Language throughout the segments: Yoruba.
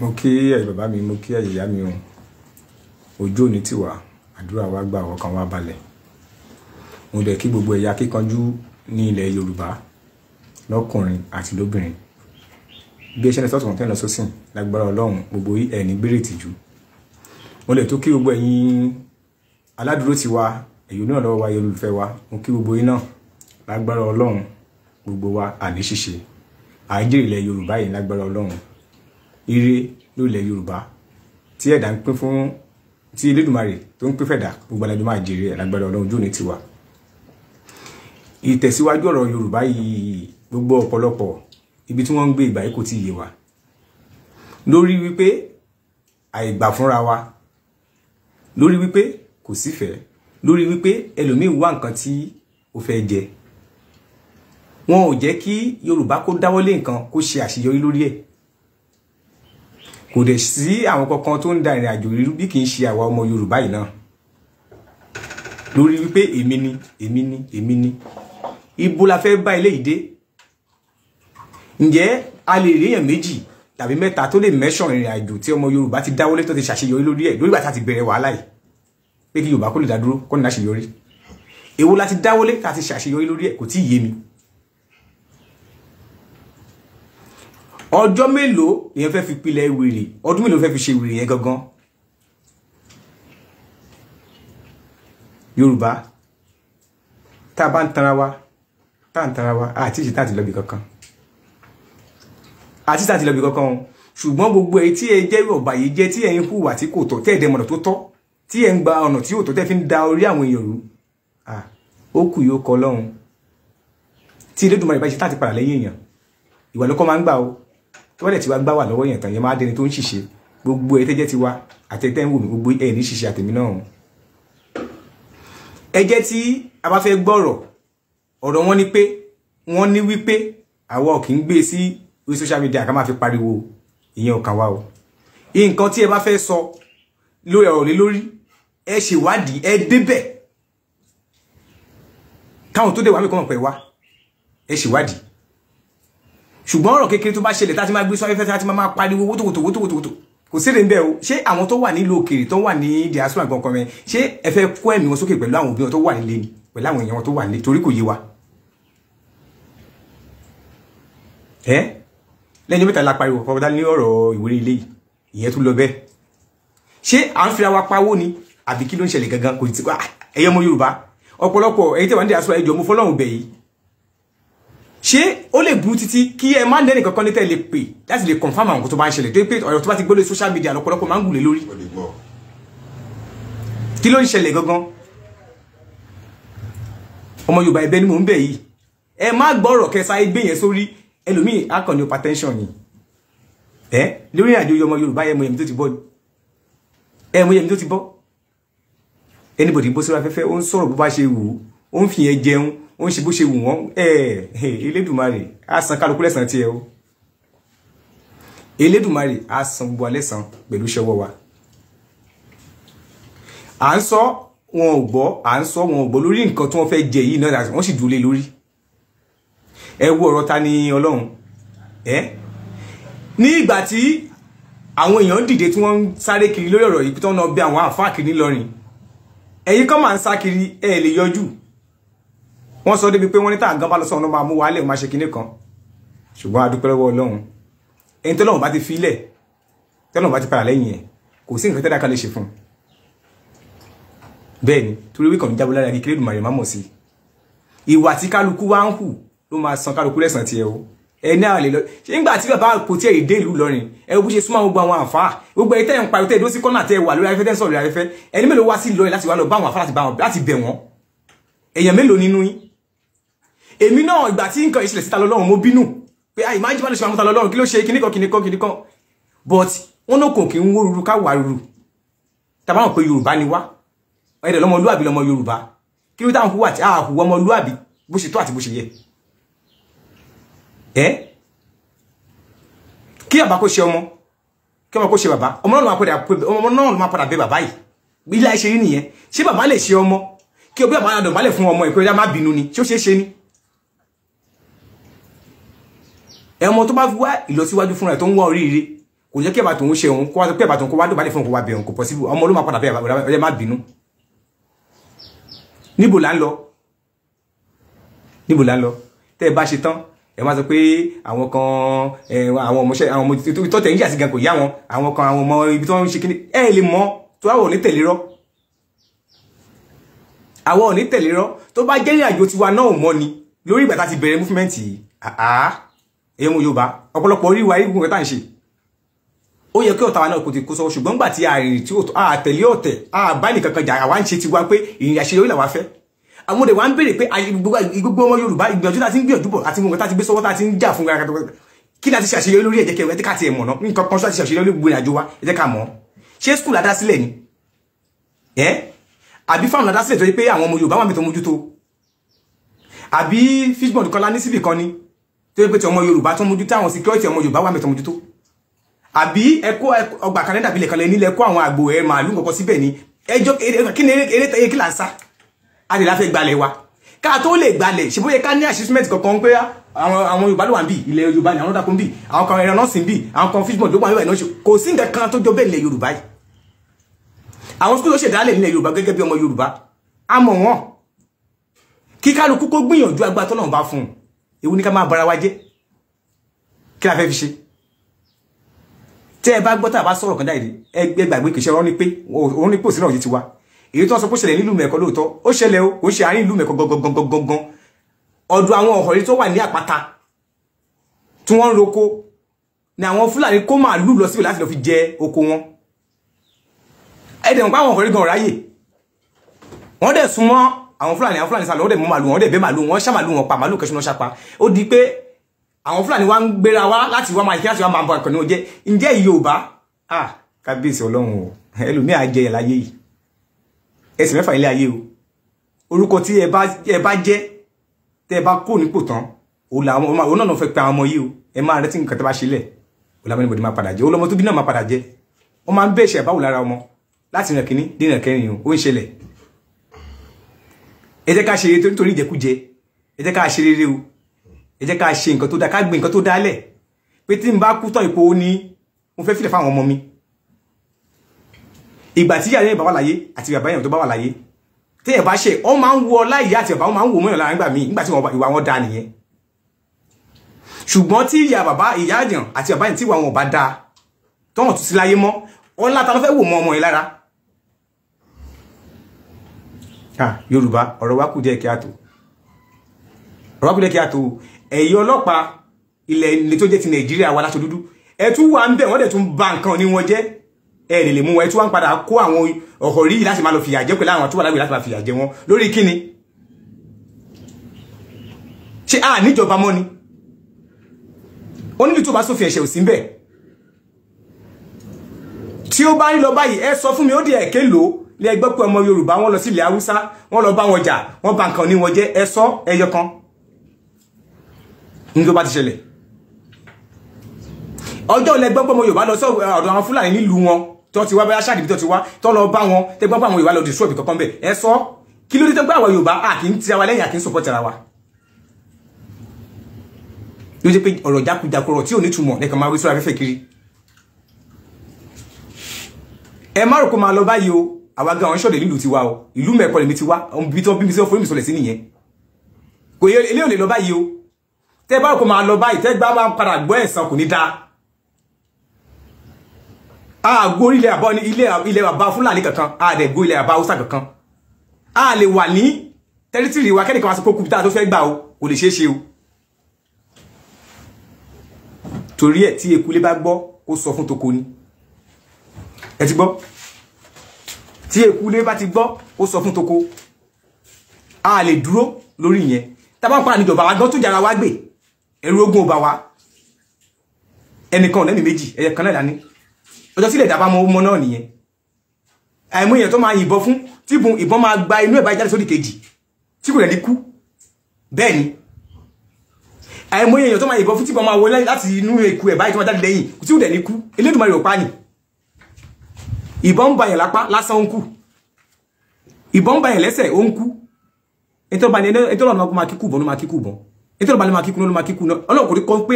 mo kí ẹ̀yin bàbá mi mo kí ẹ̀yin ìyá mi o ojú òní tiwa àdúrà wa gbà ọkàn wa balẹ̀ mo dẹ̀ kí gbogbo ẹ̀yà kíkanjú ní ilẹ̀ Yorùbá lọ́kùnrin àti lóbìnrin bí ẹ ṣe ń lọ sọ́tún tẹ́ lọ sósìn lágbára Ọlọ́run gbogbo ẹ̀ní gbére ìtìjú mo lè tó kí gbogbo ẹ̀yin aládùúró ti wa èyí náà lọ́wọ́ wa yẹ olùfẹ́ wa mo kí gbogbo yín náà lágbára Ọlọ́run gbogbo wa àní ṣíṣe àìjèrè ilẹ̀ Yorùbá yìí lágbára Ọlọ́run ire lórílẹ̀ yorùbá tí ẹ̀dá ń pín fún tí elédùnmarè tó ń pín fẹ̀dá gbogbo alájọ máa jèrè ẹ̀ lágbára ọlọ́run ojú òní tiwa ìtẹ̀síwájú ọ̀rọ̀ yorùbá yìí gbogbo ọ̀pọ̀lọpọ̀ ibi tí wọ́n ń gbé ìgbà yìí kò tí ì yé wa lórí wípé àìgbà fúnra wa lórí wípé kò sífẹ̀ẹ́ lórí wípé ẹlòmíín wá nǹkan tí ó fẹ́ jẹ wọn ò jẹ́ kí yorùbá kó dáwọ́lé nǹkan kó ṣe àṣeyọrí lórí ẹ̀ kò dẹ̀ sí àwọn kankan tó ń da ìrìn àjò rírú bí kì í ṣe àwa ọmọ Yorùbá yìí náà lórí wípé èmi ni èmi ni èmi ni ibo la fẹ́ bá ilé ìdé ǹjẹ́ a lè rí èèyàn méjì tàbí mẹ́ta tó lè mẹ́sàn ìrìn àjò tí ọmọ Yorùbá ti dáwọ́lé tó ti ṣàṣeyọrí lórí ẹ̀ lórí bàtà ti bẹ̀rẹ̀ wàhálà yìí pé kí Yorùbá kó lè dá dúró kó láṣeyọrí èwo la ti dáwọ́lé tá ti ṣàṣeyọrí lórí ẹ̀ kò tí ì yé mi ọjọ́ mélòó lèyàn fẹ́ fi pilẹ̀ wèrè ọdún mélòó fẹ́ fi ṣe wèrè yẹn gangan yorùbá tá a bá ń tanra wa tá a ń tanra wa àti ìṣe tá a ti lọ́bi kankan àti ìṣe tá a ti lọ́bi kankan o ṣùgbọ́n gbogbo ẹ tí ẹ jẹ́ yorùbá yìí jẹ́ tí ẹ ń hùwà tí kò tọ́ tẹ́ ẹ̀ dẹ́mọ̀nà tó tọ́ tí ẹ ń gba ọ̀nà tí ò tọ́ tẹ́ fi ń da orí àwọn èèyàn rú ó kù yóò kọ lọ́hùn tí Elédùmarè bá ṣe tá padà lẹ́yìn èèyàn ìwà ló kọ́ máa ń gbà o tó bá dẹ̀ ti wá gbá wà lọ́wọ́ yẹn tán yẹn máa dẹni tó ń ṣìṣe gbogbo ẹ tẹ́jẹ́ ti wá àtẹ́tẹ́ ń wò mí gbogbo ẹ ní ṣìṣe àtẹ̀mí náà ẹ jẹ́ tí a bá fẹ́ gbọ́rọ̀ ọ̀rọ̀ wọn ni pé wọ́n ní wípé àwa ò kì í gbé e sí orí social media ká máa fi pariwo ìyẹn ò kàn wá o nǹkan tí ẹ bá fẹ́ sọ lórí ọ̀rọ̀ lé lórí ẹ ṣèwádìí ẹ débẹ̀ káwọn tó dé wàá mi kọ́ mọ̀ pé wá ẹ ṣèwádìí ṣùgbọ́n ọ̀rọ̀ kékeré tó bá ṣẹlẹ̀ tá ti máa gbé sọ afẹ́fẹ́ tá ti máa pariwo wótòwótò wótòwótò kò sílẹ̀ níbẹ̀ o ṣé àwọn tó wà nílùú òkèèrè tó wà ní diaspora gangan mẹ ṣé ẹ fẹ́ kó ẹ̀mí wọn sókè pẹ̀lú àwọn òbí wọn tó wà nílé ni pẹ̀lú àwọn èèyàn wọn tó wà nílé torí kò yé wa. ẹ lẹ́yìn mẹ́ta la pariwo fọwọ́dá ní ọ̀rọ̀ ìwéré ilé yìí ìyẹn tún lọ bẹ́ẹ̀ ṣé à ń fira wa pawó ni àbí kí ló ń ṣẹlẹ̀ gangan kò tí ẹ̀yọ́mọ Yorùbá ọ̀pọ̀lọpọ̀ ẹ̀yìn tẹ̀wá ní diaspora ẹ̀jọ̀ mo fọlọ́run bẹ̀ yìí ṣé ó lè burú títí kí ẹ má lẹ́nu kankan ní tẹ̀lé pè láti lè confam àwọn nǹkan tó bá ń ṣẹlẹ̀ tó pé ọ̀rọ̀ tó bá ti gbọ́ lórí social media lọ́pọ̀lọpọ̀ máa ń gùn lé lórí. kí ló ń ṣẹlẹ̀ gangan ọmọ Yorùbá ẹ̀bẹ̀ ni mò ń bẹ̀ yìí ẹ má gbọ́ ọ̀rọ̀ kẹsà ẹgbẹ́ yẹn sórí ẹlòmíì akànnì hypertension ni ẹ lórí àjò ọmọ Yorùbá ẹ mọ èmi tó ti bọ́ ẹ mọ èmi tó ti bọ́ anybody bó sórí afẹ́fẹ́ ó ń sọ̀rọ̀ bó bá ṣe wù ú ó se ṣe bó ṣe wù wọ́n elédùnmarè á san kálukú lẹ́san tiẹ̀ o elédùnmarè á san gbogbo alẹ́ san pẹ̀lú ṣọwọ́ wa à ń sọ wọn ò gbọ́ à ń sọ wọn ò gbọ́ lórí nǹkan tí wọ́n fẹ́ jẹ yìí náà wọ́n sì dúró lé lórí ẹ wo ọ̀rọ̀ ta ni ọlọ́run ẹ ní ìgbà tí àwọn èèyàn dìde tí wọ́n ń sáré kiri lórí ọ̀rọ̀ yìí tí wọ́n lọ bẹ àwọn àfáà kiri ńlọrin ẹ̀yin kan máa ń sá kiri ẹ̀ lè yọjú wọ́n sọ débi pé wọ́n ní tá àgán bá lọ sọ̀rọ̀ máa mú wa lẹ̀ máa ṣe kinní kan ṣùgbọ́n adúpẹ́ lọ́wọ́ ọlọ́run ẹni tó lọ́run bá ti filẹ̀ tọ́lọ́run bá ti padà lẹ́yìn ẹ̀ kò sí nǹkan tẹ́lá kan lè ṣe fún un bẹ́ẹ̀ ni torí wíkàn ní jábọ́ lára kékeré ìdùnmọ̀ rẹ̀ má mọ̀ sí ìwà tí kálukú wá ń hù ló máa san kálukú lẹ́sàn tiẹ̀ o ẹni àwọn lè lọ ṣé nígbà tí bàbá kò tiẹ̀ èdè ìlú lọrin ẹ bó ṣe súnmọ́ gbogbo àwọn àfáà gbogbo ẹ tẹ́yìn pariwo tẹ́yìn dó sí kọ́nà tẹ́ wà lórí afẹ́fẹ́ tẹ́ ń sọ̀rọ̀ lórí afẹ́fẹ́ ẹni mélòó wá sí lọrin láti wá lọ bá àwọn àfáà láti bẹ̀ wọ́n èèyàn mélòó nínú yín èmi náà ìgbà tí nǹkan ìṣẹ̀lẹ̀ síta lọ́lọ́run mo bínú pé àì máa ń jí bá lè ṣe máa ń ta lọ́lọ́run kí ló ṣe kíníkan kíníkan kíníkan but wọn náà kò kí ń wó ruru ká wà ruru tàbá wọn pé yorùbá ni wá ẹ̀rẹ̀ lọ́mọlúàbí lọ́mọ yorùbá kí ló táwọn hùwà tí a hùwà ọmọlúàbí bó ṣe tó àti bó ṣe yẹ ẹ kí bàbá kó ṣe ọmọ kí ọmọ kó ṣe bàbá ọmọ náà ló máa padà bẹ bàbá yìí ilé ayé ṣe rí nìyẹn ṣé bàbá lè ṣe ọmọ kí òbí bàbá náà dọ̀bálẹ̀ fún ọmọ ìpẹ́ẹ́dá má bínú ni ṣé ó ṣeé ṣe ni ẹmọ tó bá fi wá ìlọsíwájú fúnra ẹ tó ń wá oríire kò jẹ́ kí ẹ̀bà tó ń ṣe òun kó wá pé ẹ̀bà tó ń kó wá dùbálẹ̀ fún òun kó wá bẹ̀rùn kò possible ọmọ ló máa padà bẹ̀rẹ̀ ọ̀rẹ́ ọ̀rẹ́ má bínú. níbo là ń lọ níbo là ń lọ tẹ́ ẹ bá ṣe tán ẹ máa sọ pé àwọn kan àwọn ọmọọṣẹ àwọn ọmọ tó tẹ̀ ń yà sí gan kò yá wọn àwọn kan àwọn ọmọ ibi tó ń ṣe kíní ẹ lè mọ tó àwọn ní tẹ̀lé rọ àwọn ní tẹ̀lé rọ tó bá jẹ́ àjò tiwa náà mọ́ ni lórí ìgbà tá a ti bẹ̀rẹ̀ múfímẹ́ǹtì yìí èyí mu yorùbá ọ̀pọ̀lọpọ̀ orí wa irú nǹkan tá à ń ṣe ó yẹ kí ọ̀tá wa náà kò ti kó sọ ṣùgbọ́n gbà tí àrìn tí a tẹ̀lé ọ̀tẹ̀ a bá nìkan kan jà àwa ń ṣe tiwa pé ìrìn àṣeyọrí làwa fẹ́ àwọn òde wa ń béèrè pé gbogbo ọmọ yorùbá ìgbìyànjú láti ń gbìyànjú bọ̀ àti nǹkan tá ti gbé sọ́wọ́ tá ti ń jà fún ara kí láti ṣàṣeyọrí lórí ẹ̀jẹ̀ kẹwẹ́ ká ti ẹ̀ mọ̀ náà nǹkan kan láti ṣàṣeyọrí lórí gbogbo wa ẹ̀jẹ̀ ká mọ̀ ṣé skul adá sílẹ̀ ni ẹ́ àbí fáwọn adá sílẹ̀ tó yẹ pé àwọn ọmọ yorùbá wà mí tó mójútó àbí fishbond kan lá ní síbì kan ni tó pé ti ọmọ Yorùbá tó mójútó àwọn security ọmọ Yorùbá wà mẹ́tọ́ mójútó àbí ẹkọ ọgbà kan dàbí lẹ́kan lẹ́ni lẹ́kọ́ àwọn àgbò ẹ̀ màálù kọ̀ọ̀kan síbẹ̀ ni ẹjọ́ kí ni eré tẹ́yẹ kí là ń sá a lè láfẹ́ gbalẹ̀ wa ká tó lè gbalẹ̀ ṣe bóyá ká ní assessment kankan pé àwọn Yorùbá ló wà ń bì ilẹ̀ Yorùbá ni àwọn dàkún bì àwọn kan ẹran nọ́ọ̀sì ń bì àwọn kan fishbond ló wà níbẹ̀ náà kò sí nǹkan kan tó jọ bẹ́ẹ̀ ilẹ̀ Yorùbá yìí àwọn skúlù ṣèdálẹ̀ nílẹ̀ Yorùbá gẹ́gẹ́ bí ọmọ Yorùbá a mọ̀ wọ́n kó gbìyànjú agbátọ́lọ́run bá fún un ewu ní ká máa bara wa jẹ́ kí la fẹ́ fi ṣe tẹ́ ẹ bá gbọ́ tá a bá sọ̀rọ̀ kan dáìdí ẹgbẹ́ gbàgbé kìí ṣe rọ́ní pé òun ní pò sí náà yìí ti wa èyí tó sọ pé ṣẹlẹ̀ nílùú mẹ́kọ lóòótọ́ ó ṣẹlẹ̀ o kò ṣe àárín ìlú mẹ́kọ gangan ọ̀dọ̀ àwọn ọ̀họ̀rí tó wà ní àpáta tí wọ́n ń roko ni àwọn fúlàní kó màálù lọ síbẹ̀ láti lọ fi jẹ oko wọn ẹ̀dẹ̀ wọn pa àwọn ọ̀họ̀rí gan ráyè wọ́n dẹ̀ súnmọ́ àwọn fúlàní àwọn fúlàní sálọ ó dẹ̀ mú màlúù wọn ó dẹ̀ bẹ́ màlúù wọn ṣàmàlúù wọn pa màlúù kẹṣúná ṣapa ó di pé àwọn fúlàní wa ń gbéra wá láti wá máa kí láti wá máa bọ ẹkọ náà jẹ ǹjẹ́ yorùbá ah kábíyèsí ọlọ́run o ẹlòmíì àjẹyẹ láyé yìí ẹsìn mẹ́fà ilé ayé o orúkọ tí ẹ bá jẹ́ tẹ́ ẹ bá kó nípò tán òun làwọn ọmọ náà fẹ́ pe àwọn ọmọ yìí o ẹ máa retí nǹkan tẹ́ bá ṣe lẹ̀ òun làwọn ẹnìbọdì máa padà jẹ òun lọ́mọ tó bí náà máa padà jẹ wọ́n máa ń bẹ̀ṣẹ̀ báwo lára ọmọ láti rìn kínní dé kẹrin o ń ṣẹlẹ̀ ẹ jẹ́ ká ṣe eré nítorí ìjẹkújẹ ẹ jẹ́ ká ṣe rere o ẹ jẹ́ ká ṣe nǹkan tó dáa ká gbé nǹkan tó dáa lẹ̀ pé tí n bá kú tán ipò ó ní mo fẹ́ fìlẹ̀ fáwọn ọmọ mi ìgbà tí ìyá yẹn bá wà láyé àti bàbá yẹn tó bá wà láyé téèyàn bá ṣe ọ máa ń wo ọlá ìyá àti bàbá wọn máa ń wò mọ́yàn lára nígbà míì nígbà tí ìwà wọn da nìyẹn ṣùgbọ́n tí ìyá bàbá ìyá àjàn àti bàbá yẹn tí ìwà wọn ò bá dáa tọ́wọ̀n tún sí láyé mọ́ ọlá ta ló fẹ́ wò mọ́ ọmọ yẹn lára Ah, yorùbá ọ̀rọ̀ wa kù díẹ̀ kí a tó ọ̀rọ̀ wa kù díẹ̀ kí a tó ẹ̀yin ọlọ́pàá ilẹ̀ ilé tó jẹ́ ti nàìjíríà wa láṣọ dúdú ẹ tún wà ń bẹ̀ wọ́n dẹ̀ tún bà nǹkan ní wọn jẹ́ ẹ lè lè mú wọn ẹ tún wà ń padà kó àwọn ọ̀họ̀ rí láti máa lọ fìyà jẹ pẹ̀lú àwọn tó wà lágbè láti máa fìyà jẹ wọn lórí kíni ṣé a níjọba mọ́ ni ó nílùú tó bá sófin ẹ̀ṣẹ̀ ò sí bẹ́ẹ̀ tí ó bá ń lọ báyìí ẹ sọ fún mi ó di ẹ̀kẹ́ lòó lẹ gbọ́ pé ọmọ yorùbá wọ́n lọ sí ilẹ̀ haúsá wọ́n lọ bá wọn jà wọ́n bà nǹkan ní wọn jẹ́ ẹ sọ ẹyọ kan ní tó bá ti ṣẹlẹ̀ ọjọ́ lẹ gbọ́ pé ọmọ yorùbá lọ sọ eh, ọ̀dọ̀ àwọn fúlàní nílùú wọn tó ti wá bá ṣáàdì tó ti wá tó lọ bá wọn tẹ gbọ́ pé àwọn yorùbá lọ dìṣọ́ ibì kankan bẹ̀ ẹ sọ kí ló dé tó gbọ́ àwọn yorùbá à kì í tira wa lẹ́yìn à kì í support ara wa ló jẹ́ pé ọ̀rọ̀ jákujàkọrọ̀ tí ò ní túmọ̀ lẹ́kàn máa wí sórí afẹ́fẹ́ kiri ẹ má rò kó máa lọ báyìí o àwa gan àwọn ṣọ̀dẹ̀ nílùú tiwa o ìlú mẹ́kọ lèmi tiwa ibi tó ń bí mi sí ọ̀fọ̀ ìmìsọ̀lẹ̀ sí nìyẹn kò yẹ ilé ò lè lọ báyìí o tẹ́ bá kò máa lọ báyìí tẹ́ gbá bá padà gbọ́ ẹ̀sán kò ní dáa àgbo ilẹ̀ àbá ní ilẹ̀ àbá fúlàní kankan àdẹ̀gbó ilẹ̀ àbá haúsá kankan a lè wà ní tẹ́rítìrì wa kẹ́nìkan wá sí kókù tó fẹ́ gbà o kò lè ṣeé ṣe o torí ẹ̀ tí ekulé bá gbọ́ kó sọ fún toko ni ẹ ti gbọ́ tí ekulé bá ti gbọ́ ó sọ fún toko a lè dúró lórí ìyẹn tá bá pa níjọba wa gbọ́n tó jára wa gbè ẹ̀rù ogun ò bá wa ẹnìkan lẹ́mìí méjì ẹ̀yẹ kan náà dání ọjọ́ sílẹ̀ ìdábà mọ ọmọ náà nìyẹn àìmọ̀ èèyàn tó máa yìnbọn fún tí ìbọn máa gba inú ẹ̀ bá jáde sódì kejì tí kò rẹ̀ ní kú bẹ́ẹ̀ ni àìmọ̀ èèyàn tó máa yìnbọn fún tí ìbọn máa wọlé láti inú eku ẹ̀ báyìí tó máa jáde lẹ́yìn kò tí kò rẹ̀ ní kú elédùnmọ̀ rẹ̀ ò pa ni ìbọn ń ba yẹn lápá lásán ó ń kú ìbọn ń ba yẹn lẹ́sẹ̀ ó ń kú ètò ọba ni ètò ọlọ́run ọba máa kíkú bọ́n ni máa kíkú ló máa kíkú náà ọlọ́run kò rí kọ́ pé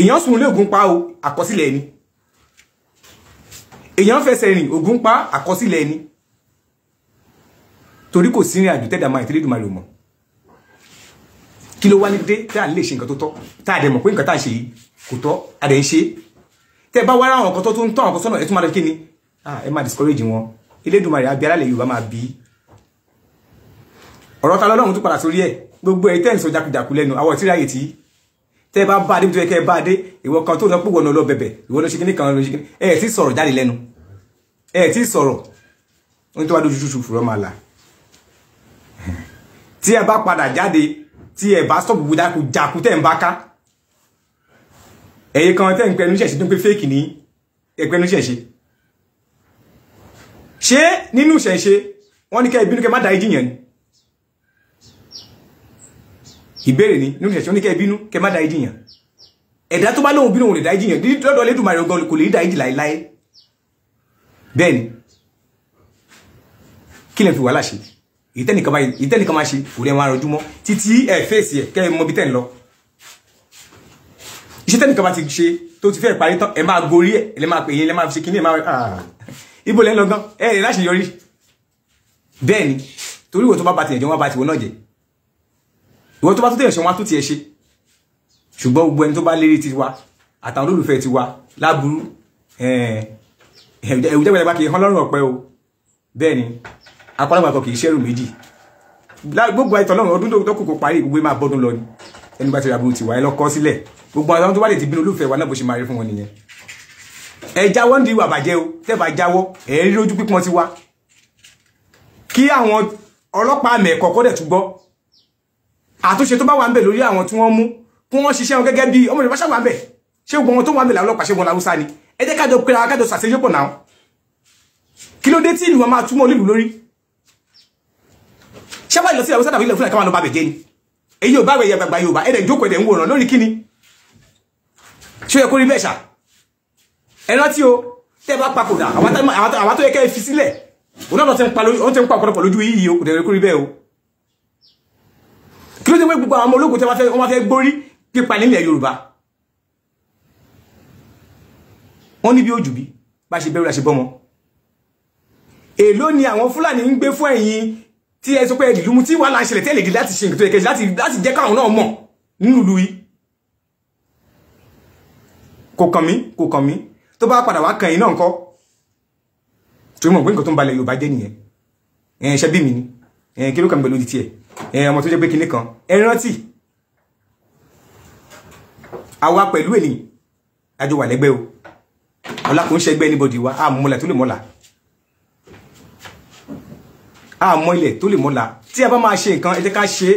ẹnìkan pa o àkọsílẹ̀ ẹni èèyàn fẹsẹ̀ rìn pa àkọsílẹ̀ ẹni torí kò sí rìn àjò tẹ́dà máa ìtìlẹ́dùn máa lò mọ́ kí ló wá ní dé tá à ń lè ṣe nǹkan tó tọ́ tá à dẹ̀ mọ̀ pé nǹkan tá à ń ṣe yìí kò tọ́ à dẹ̀ ń ṣe é tẹ́ bá wára àwọn kan tó tún tán àwọn kan sọ́nà ẹ tún máa lọ kí ni ẹ máa discourage wọn Elédùmarè àbí alálẹ̀ Yorùbá máa bí ọ̀rọ̀ ta lọ́lọ́run tún padà sórí ẹ̀ gbogbo ẹ̀ tẹ́ ń sọ jákujàku lẹ́nu àwọn ìtìrí àyè tí tẹ́ bá bá débi tó yẹ kẹ́ bá dé ìwọ kan tó lọ pé wọnà lọ bẹ̀bẹ̀ ìwọ lọ ṣe kíní kan lọ ṣe kíní ẹ̀ tí sọ̀rọ̀ jáde lẹ́nu ẹ̀ tí sọ̀rọ̀ ní tó bá dojú tútù fúrọ́ máa là tí ẹ bá padà jáde tí ẹ bá stop ẹ̀yẹ kan tẹ́ ń pẹnu ṣẹ̀ṣẹ̀ tó ń pé fake ní ẹ̀pẹnu ṣẹ̀ṣẹ̀ ṣé nínú ṣẹ̀ṣẹ̀ wọ́n ní kẹ́ ìbínú kẹ́ má da ìjìyàn ni ìbéèrè ni nínú ṣẹ̀ṣẹ̀ wọ́n ní kẹ́ ìbínú kẹ́ má da ìjìyàn ẹ̀dá tó bá lóhun bínú òun lè da ìjìyàn dídí lọ́dọ̀ Elédùmarè gan kò lè da ìjì láéláé bẹ́ẹ̀ ni kí lè fi wàhálà ṣe ìtẹ́nìkan máa ṣe òun ẹ̀ máa rọjú mọ́ títí ẹ̀ fèsì ẹ̀ kẹ́ ẹ mọ bí tẹ́ ń lọ iṣẹ́ tẹ́nìkan bá ti ṣe tó ti fẹ́ parí tán ẹ máa gorí ẹ̀ ẹ lè máa pè yín lè máa ṣe kíní ẹ máa ah, ibo lẹ́ lọ́gán ẹ lè láṣẹ yọrí bẹ́ẹ̀ ni torí ìwọ tó bá ba tiẹ̀ jẹ́ wọ́n bá tiwọn náà jẹ́ ìwọ tó bá tó tẹ̀yẹ̀ ṣe wọ́n á tó tiẹ̀ ṣe ṣùgbọ́n gbogbo ẹni tó bá lérí tiwa àtàwọn olólùfẹ́ tiwa láburú ẹ̀ẹ́dẹ̀ẹ́dẹ́ gbẹ̀dẹ̀gbà kì í hán lọ́rùn ọ̀pẹ o bẹ́ẹ̀ ni apálágbàkọ̀ kì í ṣẹ́rù méjì gbogbo àìtọ́ lọ́rùn ọdún tó kù kó parí gbogbo máa bọ́dún lọ ni ẹni bá ti rà burú tiwa ẹ lọ sílẹ̀ gbogbo àwọn tó bá lè ti bínú olólùfẹ́ wa náà bó ṣe máa rí fún wọn nìyẹn ẹ jáwọ́ ń di ìwà bàjẹ́ o tẹ́ẹ̀bà jáwọ́ ẹ rí lójú pípọ́n tiwa kí àwọn ọlọ́pàá àmì ẹ̀kọ́ kọ́dẹ̀ tún gbọ́ àtúnṣe tó bá wà ń bẹ̀ lórí àwọn tí wọ́n mú kí wọ́n ṣiṣẹ́ wọn gẹ́gẹ́ bí ọmọ ìrìnbáṣà wà ń bẹ̀ ṣé gbogbo wọn tó wà ń bẹ̀ làwọn ọlọ́pàá ṣé wọn làwùsá ni ẹ jẹ́ kájọ pé kájọ ṣàṣeyọpọ̀ náà kí ló dé tí ìlú wọn máa túmọ̀ olílù lórí ṣé wàá lọ sí ìlàwùsá tàbí ilẹ̀ fúnra káwọn lọ bẹ̀ jẹ́ ni èyí ò bá wẹ̀ yẹ gbàgbà Yorùbá ẹ̀dẹ̀ ìjókòó ẹ̀dẹ̀ ń wòran lórí kíni ṣó yẹ kó rí mẹ́ṣà ẹ rántí o tẹ́ bá papòdà àwọn tó yẹ kẹ́ fi sílẹ̀ òun náà tẹ́ ń pa ọ̀pọ̀lọpọ̀ lójú yìí o kò tẹ̀lé kó rí bẹ́ẹ̀ o kí ló dé pé gbogbo àwọn ọmọ ológun tẹ́ wọ́n fẹ́ gbórí pípa nílẹ̀ Yorùbá wọ́n ní bí òjù bí bá ṣe bẹ̀rù la ṣe bọ́mọ èló ni àwọn Fúlàní ń gbé fún ẹ̀yin tí ẹ sọ pé ẹ̀dìlúmu tí wàá là ń ṣẹlẹ̀ tẹ́lẹ̀ láti ṣe nǹkan tó yẹ kẹ́ láti jẹ́ káwọn náà mọ̀ nínú ìlú yìí kò kàn mí kò kàn mí tó bá padà wá kàn yín náà ńkọ́ torí mọ̀ pé nǹkan tó ń balẹ̀ Yorùbá jẹ́ nìyẹn ẹ̀ ṣe bí mi ni ẹ̀ kí ló kàn pẹ̀lú di tiẹ̀ ẹ̀ ọmọ tó jẹ́ pé kinní kan ẹ rántí àwa pẹ̀lú èlì àjọ wà lẹ́gbẹ́ o ọ̀la kò ń ṣẹgbẹ́ anybody wa àmọ́ ilẹ̀ tó lè mọ́la àmọ́ ilẹ̀ tó lè mọ́la tí a bá máa ṣe nǹkan ẹ jẹ́ ká ṣe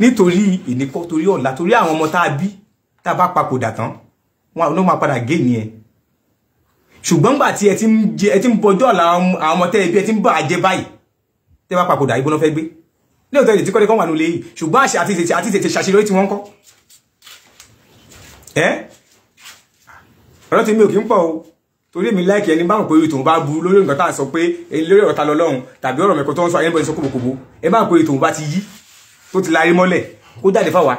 nítorí ìníkọ́ torí ọ̀la torí àwọn ọmọ tá a bí tá a bá papòdà tán wọn ló máa padà gé nìyẹn ṣùgbọ́n gbà tí ẹ ti ń bọjọ́ ọ̀la àwọn ọmọ tẹ́ ẹbí ẹ ti ń bà á jẹ báyìí tẹ́ bá papòdà ìbọn fẹ́ gbé ní òtẹ́ ìdí tí kọ́lé kan wà nílé yìí ṣùgbọ́n àṣẹ àti ìṣètì àti ìṣètì ṣàṣeyọrí tí wọ́n kọ́ ẹ́ ọ̀rọ̀ tí mi ò kí ń pọ̀ o torí èmi láìkì ẹni bá mọ̀ pé ìtòun bá burú lórí nǹkan tá à ń sọ pé lórí ọ̀rọ̀ ta lọ lọ́hùn tàbí ọ̀rọ̀ mẹ́kọ̀ọ́ tó ń sọ ayé ń bọ̀ ní sọ kòbòkòbò ẹ bá mọ̀ pé ìtòun bá ti yí tó ti larí mọ́lẹ̀ ó jáde fáwa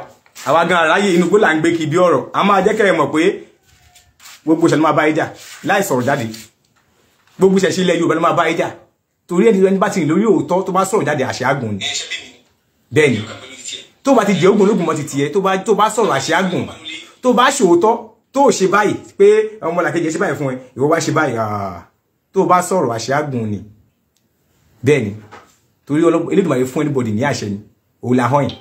àwa gan aráyé inú gbó là ń gbé kí ibi ọ̀rọ̀ a máa jẹ́ kẹ́rẹ̀ mọ̀ pé gbogbo ìṣẹ̀lú máa bá ìjà láì sọ̀rọ̀ jáde gbogbo ìṣẹ̀ṣẹ̀ ilẹ̀ Yorùbá ló máa bá ìjà torí ẹni ẹni bá ti rìn lórí òótọ́ tó bá sọ̀rọ̀ jáde àṣẹ́gun ni bẹ́ẹ̀ ni tó bá ti jẹ́ ogun ológun mọ́ ti tiẹ̀ tó bá sọ̀rọ̀ àṣẹ́gun tó bá ṣòótọ́ tó ṣe báyìí pé ọmọ làkejì ṣe báyìí fún ẹ ìwọ wá ṣe báyìí tó bá sọ̀rọ̀ àṣẹ́gun ni bẹ́ẹ̀ ni torí Elédùmarè fún anybody ní àṣẹ ni òun la hàn yìí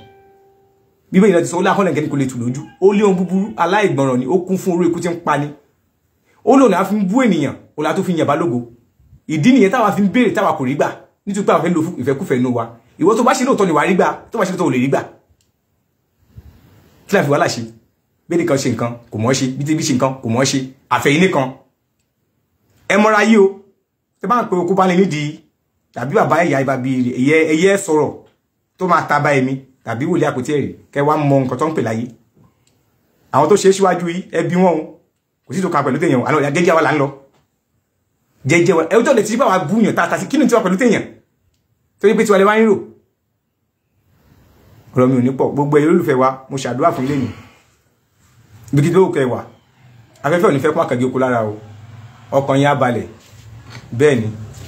bíbélì náà ti sọ ó láhọ́nà kẹ́ni kò lè tù lójú ó lé ohun búburú aláìgbọràn ni ó kún fún oró ikú tí ń pa ni ó lòun àá fi ń bú ènìyàn òun àá fi yàn bá lógo ìdí nìyẹn táwa fi ń béèrè táwa kò rí gbà nítorí pé àwọn fẹ́ lo ìfẹ́kúfẹ́ inú wa ìwọ tó bá ṣe lóòótọ́ ni wàá rí gbà tó bá ṣe lóòótọ́ ò lè rí gbà kí láfi wàhálà ṣe bẹ́ẹ̀ni kan ṣe nǹkan kò mọ́ ṣe bí tẹ́bí ṣe nǹkan kò mọ́ ṣe àfẹ́yìn nìkan ẹ mọ́ra yí o tẹ bá ń pe okó bá lè nídìí tàbí bàbá ẹ̀yà ìbàbí ẹ̀yẹ sọ̀rọ̀ tó máa ta bá tàbí wòlíì àpótí ẹ̀rí kẹ wá mọ nǹkan tó ń pè láyé àwọn tó ṣe é síwájú yìí ẹbí wọn kò sí tó kan pẹ̀lú tèèyàn àlọ́ jẹ́jẹ́ wa là ń lọ jẹ́jẹ́ wa ẹjọ́ lè ti bá wa búyàn tààtà sí kínú tiwa pẹ̀lú tèèyàn torí pé tiwa lè wá ń rò ọ̀rọ̀ ò ní pọ̀ gbogbo ẹ̀yọ́ olùfẹ́ wa mo ṣàdúrà fún ilé mi bíkítí ó kẹwà afẹ́fẹ́ ò ní fẹ́ pọ́n àkàgé oko lára o ọkàn yín balẹ̀ bẹ́ẹ̀ ni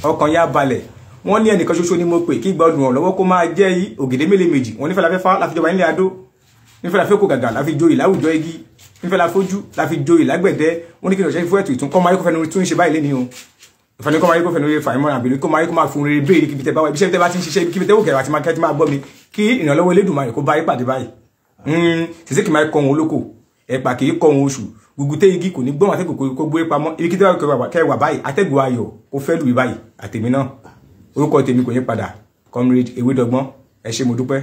ọkàn yín balẹ̀ wọ́n ní ẹnìkan ṣoṣo ni mo pè kí gba ọdún ọ̀lọ́wọ́ kó máa jẹ́ yí ògèdè mélèé méjì wọ́n nífẹ̀ẹ́ láfẹ́fá láfijọba nílé adó nífẹ̀ẹ́ láfẹ́ kó gàgà láfijoyè láwùjọ igi nífẹ̀ẹ́ láfojú láfijoyè lágbẹ̀dẹ wọ́n ní kí ìrọ̀ṣẹ́ fún ẹ̀tù ìtún kọ́ máa rí kó fẹnu tún ṣe báyìí lé ní o ìfani kọ́ máa rí kó fẹnu fà mọ́ àbìlú kó máa rí kó máa fún rere béèrè kíbi tẹ bá wà ibi iṣẹ́ tẹ bá ti ń ṣiṣẹ́ kíbi tẹ wò kẹrẹ àti máa kẹ́ ti máa gbọ́ mi kí ìrànlọ́wọ́ elédùnmarè kó bá yí pàdé báyìí sísè hmm, kì máa kọ́ òun olóko ẹ̀pà kì í kọ́ òun oṣù gùgùté igi kò ní gbọ́n àtẹ́gùn kó gbé pamọ́ ibi kí tẹ wà kẹwà báyìí àtẹ́gùn ayọ̀ kó fẹ́ lù báyìí àtẹ̀mí náà orúkọ tèmi kò yí padà comrade ewédọgbọn ẹ ṣé mo dúpẹ́.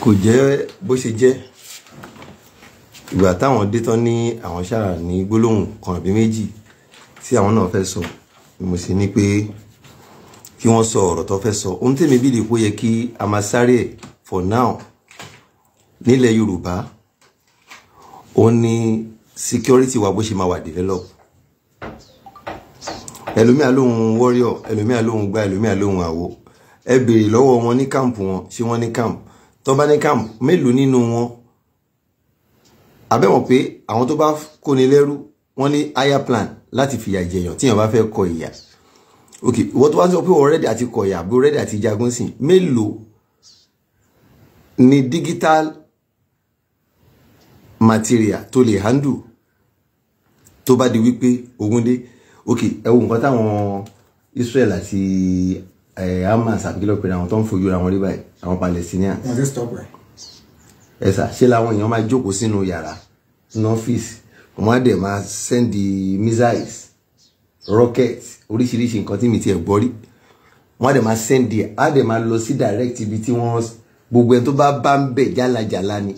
kò jẹ́ bó ṣe jẹ́ ìgbà táwọn dé tán ní àwọn ṣáà ní gbólóhùn kan àbí méjì tí àwọn náà fẹ́ sọ mo ṣe ní pé kí wọ́n sọ ọ̀rọ̀ tó fẹ́ sọ ohun tèmi bí ìdìpọ̀ yẹ kí a máa sáré for now nílẹ̀ yorùbá ó ní security wa bó ṣe máa wà develop ẹlòmíà lóhun warrior ẹlòmíà lóhun gbá ẹlòmíà lóhun àwo ẹ béèrè lọ́wọ́ wọn ní káàmpù wọn ṣé wọ́n ní káàmpù tó bá ní káàmpù mélòó nínú wọn àbẹ̀wọ̀n pé àwọn tó bá kóni lẹ́rú wọ́n ní higher plan láti fìyà jẹyàn tíyàn bá fẹ́ kọ ìyà ok ìwọ́n tó wá sọ pé ọ̀rẹ́dì àti kọ ìyà àbí ọ̀rẹ́dì àti jagun sìn mélòó ni digital material tó lè handle tó bá di wípé ogun dé ok ẹ wo nǹkan táwọn Israel àti Hamas àbíkílọ̀ pé àwọn tó ń fojú ra wọn rí báyìí àwọn Palestinians ẹ sà ṣé làwọn èèyàn máa jókòó sínú yàrá sínú ọ́fíìsì wọ́n á dẹ̀ máa sẹ́ndì missiles rockets oríṣiríṣi nǹkan tí mi ti ẹ̀ gbọ́ rí wọ́n á dẹ̀ máa sẹ́ndì á dẹ̀ máa lọ sí direct ibi tí wọ́n gbogbo ẹ̀ tó bá bá ń bẹ̀ jálajàla ni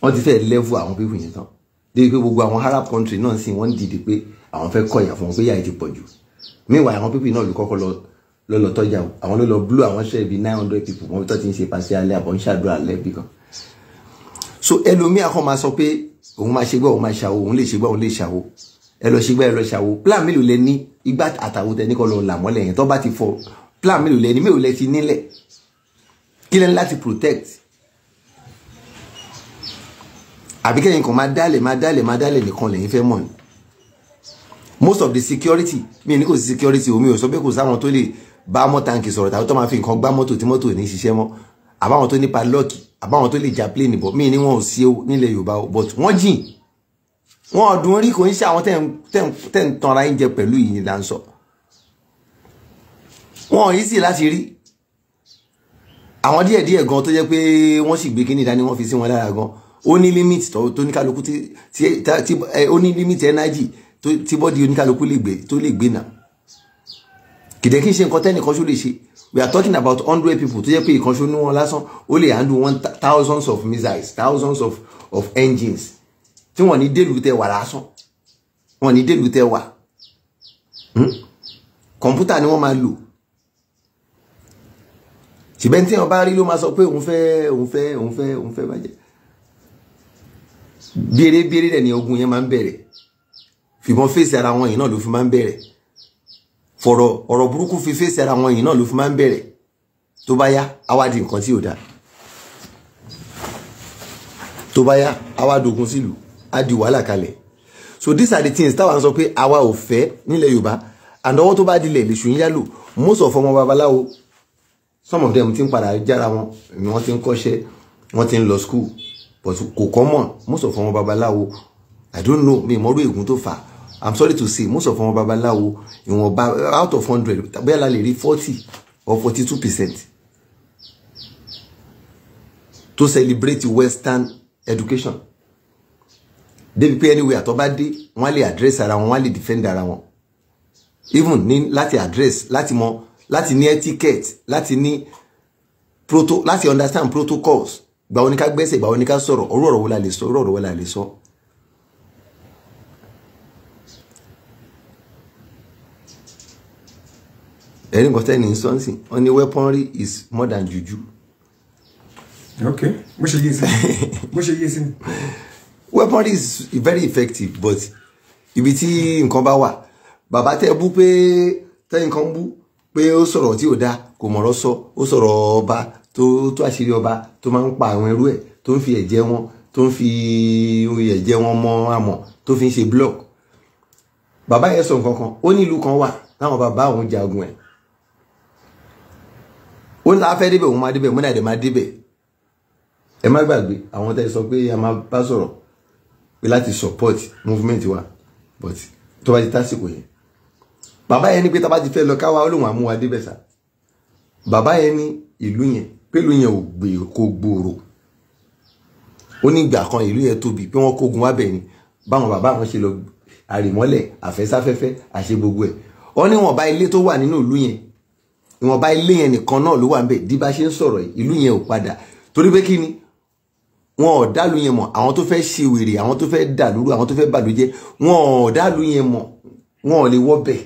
wọ́n ti fẹ́ level àwọn pípù yẹn tán débi pé gbogbo àwọn Arab country náà sì wọ́n dìde pé àwọn fẹ́ kọ̀yà fún wọn pé yàrá ti pọ̀ jù meanwhile àwọn pípì náà ló kọ́kọ́ lọ ló lọ tọ́jà o àwọn ló lọ blow àwọn ṣẹ́ ibi nine hundred people wọn tó ti ń ṣe pàṣẹ alẹ́ àbọ̀ ń ṣàdúrà lẹ́bí kan so ẹlòmíà kan máa sọ pé òun máa ṣe gbọ́ òun máa ṣàwo òun lè ṣe gbọ́ òun lè ṣàwo ẹ lọ ṣe gbọ́ ẹ lọ ṣàwo plan mélòó lẹ ní igbá àtàwọn tẹ ní kọ́ lọ là mọ́lẹ̀ yẹn tó bá ti fọ plan mélòó lẹ ní mélòó lẹ ti nílẹ̀ kí lẹ́ni láti protect most of the security mi ní kò sí security omi ò so pé kò sáwọn tó lè bá mọ́tàǹkì sọ̀rọ̀ tàbí tó máa fi nǹkan gbá mọ́tò tí mọ́tò ní ṣiṣẹ́ mọ́ àbáwọn tó ní padlock àbáwọn tó lè ja plane bọ̀ mi ní wọn ò sí nílẹ̀ yorùbá but wọ́n jìn wọn ọdún orí kò ń ṣe àwọn tẹ̀ ń tanra ń jẹ pẹ̀lú ìyìn là ń sọ wọn ò yí sí láti rí àwọn díẹ̀ díẹ̀ gan tó jẹ́ pé wọ́n sì gbé kíní dání wọ́n fi sí wọn lára gan ó ní límìtì tó ní kálukú tí ó ní límìtì ẹnájì tí bọ́dì oníkálukú lè gbé tó lè gbé nà kìdẹ́ kí n ṣe nǹkan tẹ́nìkan ṣó lè ṣe we are talking about hundred people tó jẹ́ pé ìkànṣó ní wọn lásán ó lè handle one thousands of missiles thousands of of engines tí wọ́n ní délùú tẹ wà lásán wọ́n ní délùú tẹ wà hmm? kọ̀ǹpútà ni wọ́n máa lò ṣùgbọ́n tí wọ́n bá rí ló máa sọ pé òun fẹ́ òun fẹ́ òun fẹ́ òun fẹ́ bàjẹ́ bèrè bèrè rẹ̀ ni ogun yẹn máa ń bẹ̀rẹ̀ fìbọn fèsì ara wọn yìí náà ló fi máa ń bẹ̀rẹ̀ fọ̀rọ̀ ọ̀rọ̀ burúkú fi fèsì ara wọn yìí náà ló fi máa ń bẹ̀rẹ̀ tó bá yá awádìí nǹkan tí ò dáa tó bá yá awádogun sílùú á di wàhálà kalẹ̀ so these are the things táwa ń sọ pé àwa ò fẹ́ nílẹ̀ yorùbá àdánwò tó bá dilẹ̀ lè ṣùn yálò most of ọmọ babaláwo some of them ti ń padà jára wọn ni wọ́n ti ń kọ́ṣẹ́ wọ́n ti ń lọ school but kò common most of ọmọ babaláwo i don't know mi mọ́rú ègún tó fà á i'm sorry to say most of wọn babaláwo ìwọ̀nba out of hundred bóyá la lè rí forty or forty two percent to celebrate western education débi pé anyway àtọ́ bá dé wọ́n á lè address ara wọn wọ́n á lè defend ara wọn even ní láti address láti mọ láti ní etiquette láti ní proto láti understand protocols gbàwọn ni ká gbẹ́sẹ̀ gbàwọn ni ká sọ̀rọ̀ ọ̀rọ̀ ọ̀rọ̀ wo la lè sọ ọ̀rọ̀ ọ̀rọ̀ wo la lè sọ. So ẹ̀rí nǹkan tẹ́ni sọ́nsìn wọ́n ní weaponry is more than juju. ok bó ṣe yé sí bó ṣe yé sí weaponry is very effective but ibi tí nǹkan bá wà bàbá tẹ́ bú pé tẹ́yìn kan bú pé ó sọ̀rọ̀ tí ò dáa kò mọ̀rọ̀ sọ ó sọ̀rọ̀ ọba tó tó àṣírí ọba tó máa ń pa àwọn ẹrú ẹ̀ tó ń fi ẹ̀jẹ̀ wọn tó ń fi ẹ̀jẹ̀ wọn mọ àmọ̀ tó fi ń ṣe block bàbá yẹn sọ nǹkan kan ó ní ìlú kan wà táwọn bàbá òun jagun ẹ̀ ó ní afẹ́ débẹ̀ òun máa débẹ̀ múnà èdè máa débẹ̀ ẹ má gbàgbé àwọn tẹ́ sọ pé a máa bá sọ̀rọ̀ pé láti support movement wa but tó bá ti tásìkò yẹn bàbá yẹn ní pé tá bá ti fẹ́ lọ káwa olóhùn àmúwa débẹ̀ sá bàbá yẹn ní ìlú yẹn pé ìlú yẹn ò gbè kó gbòòrò ó ní ìgbà kan ìlú yẹn tóbi pé wọ́n kógun wábẹ̀ ni báwọn bàbá àwọn ṣe lọ àrèmọ́lẹ̀ àfẹ́sáfẹ́fẹ́ àṣegbogbo ẹ̀ ó ní wọ́n bá ilé tó wà nínú ìlú yẹn ìwọ̀nba ilé yẹn nìkan náà ló wà ń bẹ̀ dí bá ṣe ń sọ̀rọ̀ ìlú yẹn ò padà torí pé kí ni wọn ò dàlú yẹn mọ̀ àwọn tó fẹ́ ṣe wèrè àwọn tó fẹ́ dàlúrú àwọn tó fẹ́ bàlújẹ́ wọn ò dàlú yẹn mọ̀ wọn ò lè wọ́ bẹ̀.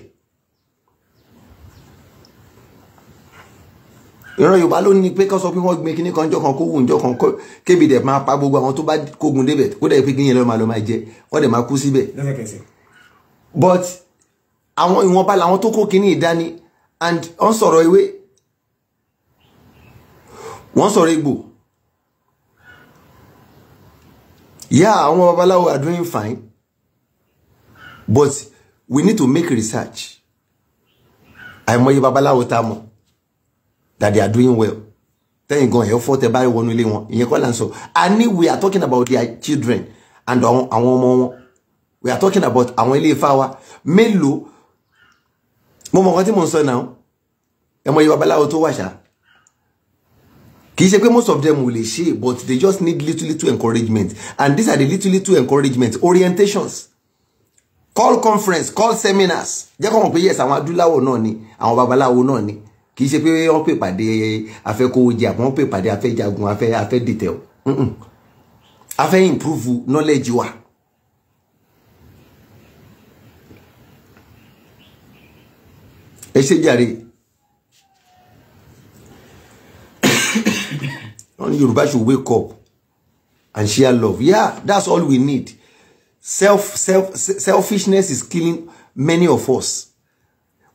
ìran yorùbá ló ní pé kó sọ pé wọ́n gbin kíní kan jọkan kó wù ń jọkan kébi dẹ̀ máa pa gbogbo àwọn tó bá kógun débẹ̀ kó dẹ̀ pé kí yẹn lọ́ọ́ máa lọ́ọ́ máa jẹ wọ́n dẹ̀ máa kú síbẹ̀. but àwọn ìwọ̀nba làwọn tó kó kíní ìdání and wọ́n sọ̀rọ̀ ewé wọ́n sọ̀rọ̀ egbò yeah àwọn babaláwo are doing fine but we need to make research àìmọye babaláwo tá a that they are doing well tẹ́yìn gan ẹ̀yọ́ fọ́ tẹ bá wọnú ilé wọn ìyẹn kọ́ là ń sọ and we are talking about their children and àwọn ọmọ wọn we are talking about àwọn ilé Ifá wa mélòó mo mọ̀ nǹkan tí mo ń sọ náà ẹ mọ̀ babaláwo tó wà ṣá kì í ṣe pé most of them will lè ṣe but they just need little little encouragement and these are the little little encouragement orientations call conference call seminars jẹ́ kọ́ mọ̀ pé yes àwọn adúláwọ̀ náà ni àwọn babaláwo náà ni kì í ṣe pé wọ́n pè pàdé afẹ́kọ̀ọ́jẹ àbọ̀ wọ́n pè pàdé afẹ́jagun afẹ́ afẹ́ afẹ́ improve knowledge wa. ẹ ṣe jàre Yorùbá should wake up and share love yeah that's all we need self self selfishness is killing many of us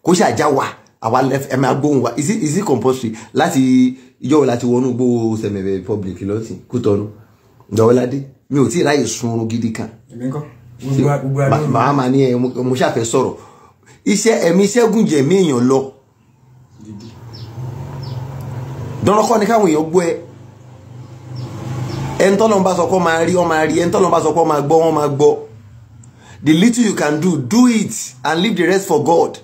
kò ṣàjà wa àwa left ẹ máa gbóhùn wa is it is it compulsory láti ìjọba láti wọnú gbówó sẹmẹbẹ public lọtì kútọnu ìjọwọládé mi ò tí ì ráyè sun oorun gidi kan màá ma ní ẹ mo ṣàfẹ́ sọ̀rọ̀ iṣẹ́ ẹ̀mí iṣẹ́ gùn jẹ̀mí èèyàn lọ dandan kọ́ ni káwọn èèyàn gbọ́ ẹ ẹni tọ́lọ́ ń bá sọ pé wọ́n máa rí wọ́n máa rí ẹni tọ́lọ́ bá sọ pé wọ́n máa gbọ́ wọ́n máa gbọ́ the little you can do do it and leave the rest for God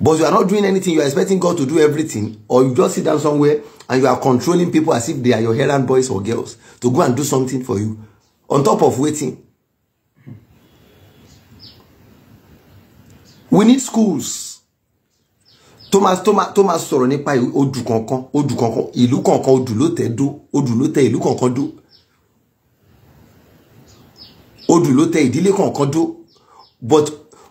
but you are not doing anything you are expecting God to do everything or you just sit down somewhere and you are controlling people as if they are your errand boys or girls to go and do something for you on top of waiting we need schools Thomas, Thomas, Thomas, máa tó máa sọ̀rọ̀ nípa odù kọ̀ọ̀kan odù kọ̀ọ̀kan ìlú kọ̀ọ̀kan odù ló tẹ̀ dó odù ló tẹ̀ ìlú kọ̀ọ̀kan dó odù ló tẹ̀ ìdílé kọ̀ọ̀kan dó but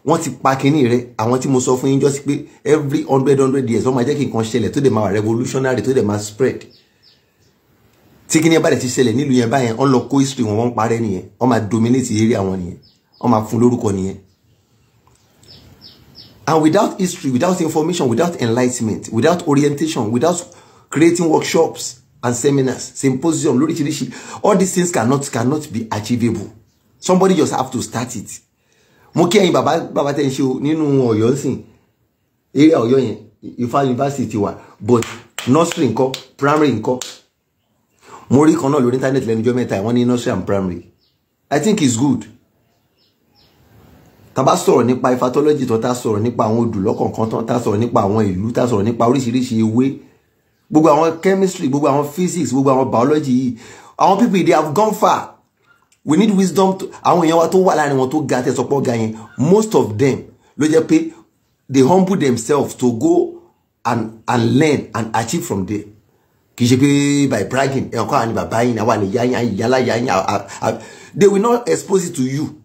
wọ́n ti pa kínní rẹ̀ àwọn tí mo sọ fún yín jọ sí pé every hundred hundred years wọ́n máa jẹ́ kí nǹkan ṣẹlẹ̀ tó dẹ̀ máa wà revolutionary tó dẹ̀ máa spread tí kínní ẹ̀ bá dẹ̀ ti ṣẹlẹ̀ nílùú yẹn báyẹn wọ́n lọ kó history wọn wọ́n parẹ́ nìyẹn wọ́n máa dominate area wọn nìyẹn wọ́n máa fún lórúkọ nìyẹn And without history, without information, without enlightenment, without orientation, without creating workshops and seminars, symposium, lóríṣiríṣi, all these things cannot cannot be achievable. Somebody just have to start it. Mo kí ẹ̀yin bàbá bàbá tẹ̀ ń ṣe nínú Ọ̀yọ́ sìn, area Ọ̀yọ́ yẹn, Ifá University wà, but nursery ńkọ́, primary ńkọ́. Mo rí kan náà lórí íńtánẹ́ẹ̀tì lẹ́nu ọjọ́ mẹ́ta, wọ́n ní nursery and primary. I think it's good tàbá sọ̀rọ̀ nípa ifatọ́lọ́jì tó tá sọ̀rọ̀ nípa àwọn odù lọ́kọ̀ọ̀kan tó tá sọ̀rọ̀ nípa àwọn ìlú tá sọ̀rọ̀ nípa oríṣiríṣi ewé gbogbo àwọn chemistry gbogbo àwọn physics gbogbo àwọn biology yìí àwọn people they have gone far we need wisdom àwọn èèyàn wa tó wà láàrin wọn tó ga tẹ̀sọ̀pọ̀ ga yẹn most of them ló jẹ́ pé they humble themselves to go and and learn and achieve from there kì í ṣe pé by bragging ẹ̀kọ́ àwọn ni bàbá yín àwa ni yáyà yálà yáyà they will not expose it to you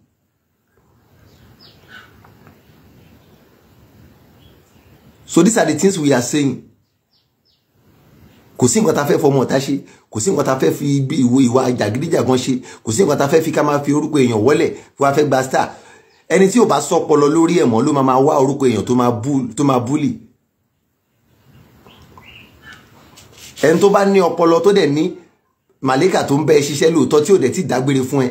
so these are the things we are saying kò sí nǹkan tá a fẹ́ fọmọ ọ̀tá ṣe kò sí nǹkan tá a fẹ́ fi bí ìwé ìwà jàgídíjàgan ṣe kò sí nǹkan tá a fẹ́ fi ká máa fi orúkọ èèyàn wọ́lẹ̀ kí wàá fẹ́ gba star ẹni tí ò bá sọ pọlọ lórí ẹ̀ ló máa wá orúkọ èèyàn tó máa búlì ẹni tó bá ní ọpọlọ tó dẹ̀ ní màlíkà tó ń bẹ ṣiṣẹ́ lóòótọ́ tí ò dẹ̀ ti dágbére fún ẹ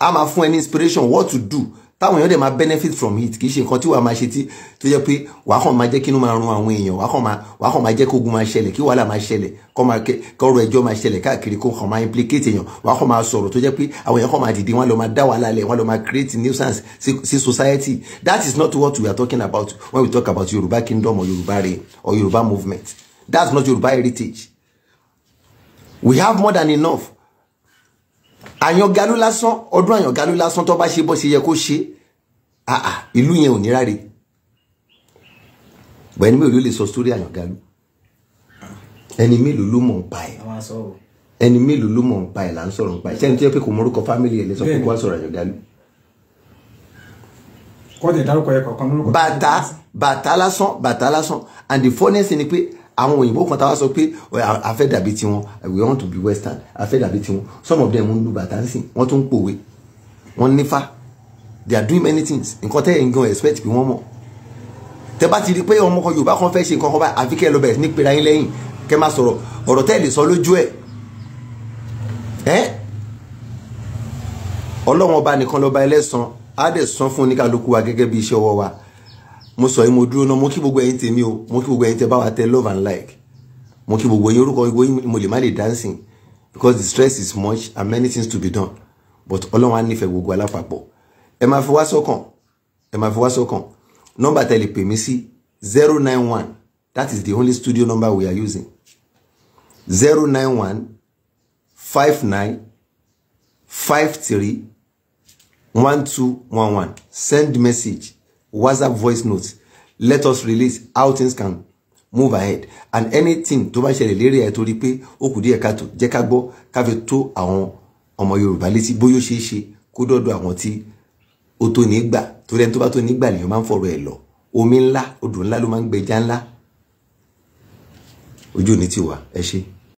a máa fún ẹ ní inspiration what to do táwọn èèyàn dẹ̀ máa benefit from it kì í ṣe nǹkan tí wàá máa ṣe tí tó jẹ́ pé wàá kàn máa jẹ́ kínú máa run àwọn èèyàn wàá kàn máa wàá kàn máa jẹ́ kógun máa ṣẹlẹ̀ kí wàhálà máa ṣẹlẹ̀ kọ́rọ̀ ẹjọ́ máa ṣẹlẹ̀ káàkiri kó kàn máa implicate èèyàn wàá kàn máa sọ̀rọ̀ tó jẹ́ pé àwọn èèyàn kàn máa dìde wọ́n lọ máa dá wàhálà lẹ̀ wọ́n lọ máa create nuisance sí society that is not what we are talking about when we talk about Yoruba kingdom or Yoruba re or Yoruba movement that's not Yoruba heritage we have more than enough àyàngalú lásán ọdún àyàngalú lásán tó bá ṣe bó ṣe yẹ kó ṣe àà ìlú yẹn ò ní ráre bẹ́ẹ̀ni mélòó lè sọ sórí àyàngalú ẹni mélòó ló mọ̀ ń pa ẹ̀ ẹni mélòó ló mọ̀ ń pa ẹ̀ là ń sọ̀rọ̀ ń pa ẹ̀ sẹ́ni tó yẹ pé kò mọ̀rúkọ fámìlì ẹ̀ lè sọ pé kó wá sọ̀rọ̀ àyàngalú. bàtà bàtà lásán bàtà lásán and the funness ni pé àwọn òyìnbó kan táwa sọ pé a dàbí tiwọn we want to be western a dàbí tiwọn some of them ń lu bàtà ń sìn wọ́n tún ń pòwe wọ́n nífà they are doing many things nǹkan tẹ́ ẹ̀ ń gan expect pé wọ́n mọ̀ tẹ́ bá ti rí pé ọmọ kan Yorùbá kan fẹ́ ṣe nǹkan kan báyìí àfi kẹ́ ẹ lọ bẹ̀rẹ̀ ní pera yín lẹ́yìn kẹ́ máa sọ̀rọ̀ ọ̀rọ̀ tẹ́ ẹ lè sọ lójú ẹ̀ ẹ́ ọba nìkan lọ́ba ẹlẹ́san á dẹ̀ san fún oníkálukú wa gẹ́gẹ́ bí iṣẹ́ ọwọ́ wa mo sọ yìí mo dúró náà mo kí gbogbo ẹ̀yin tèmi o mo kí gbogbo ẹ̀yin tẹ bá wa tẹ love and like mo kí gbogbo ẹ̀yin orúkọ yìí mo lè má lè dancing because the stress is much and many things to be done but ọlọ́run á nífẹ̀ẹ́ gbogbo alápapọ̀ ẹ máa fi wá sọ́kàn ẹ máa fi wá sọ́kàn nọ́mbà tẹ lè pè mí sí zero nine one that is the only studio number we are using zero nine one five nine five three one two one one send message WhatsApp voice notes let us release how things can move ahead and anything tó bá ṣẹlẹ̀ lérí ẹ̀ torí pé ó kù díẹ̀ káàtó jẹ́ ká gbọ́ ká fi tó àwọn ọmọ Yorùbá létí bóyá ó ṣeé ṣe kó dọ́dọ̀ àwọn tí ó tó ní gbà torí ẹni tó bá tó ní gbà lèèyàn máa ń fọ̀rọ̀ ẹ̀ lọ omi ńlá odò ńlá ló máa ń gbẹja ńlá ojú ò ní tiwa ẹ ṣé.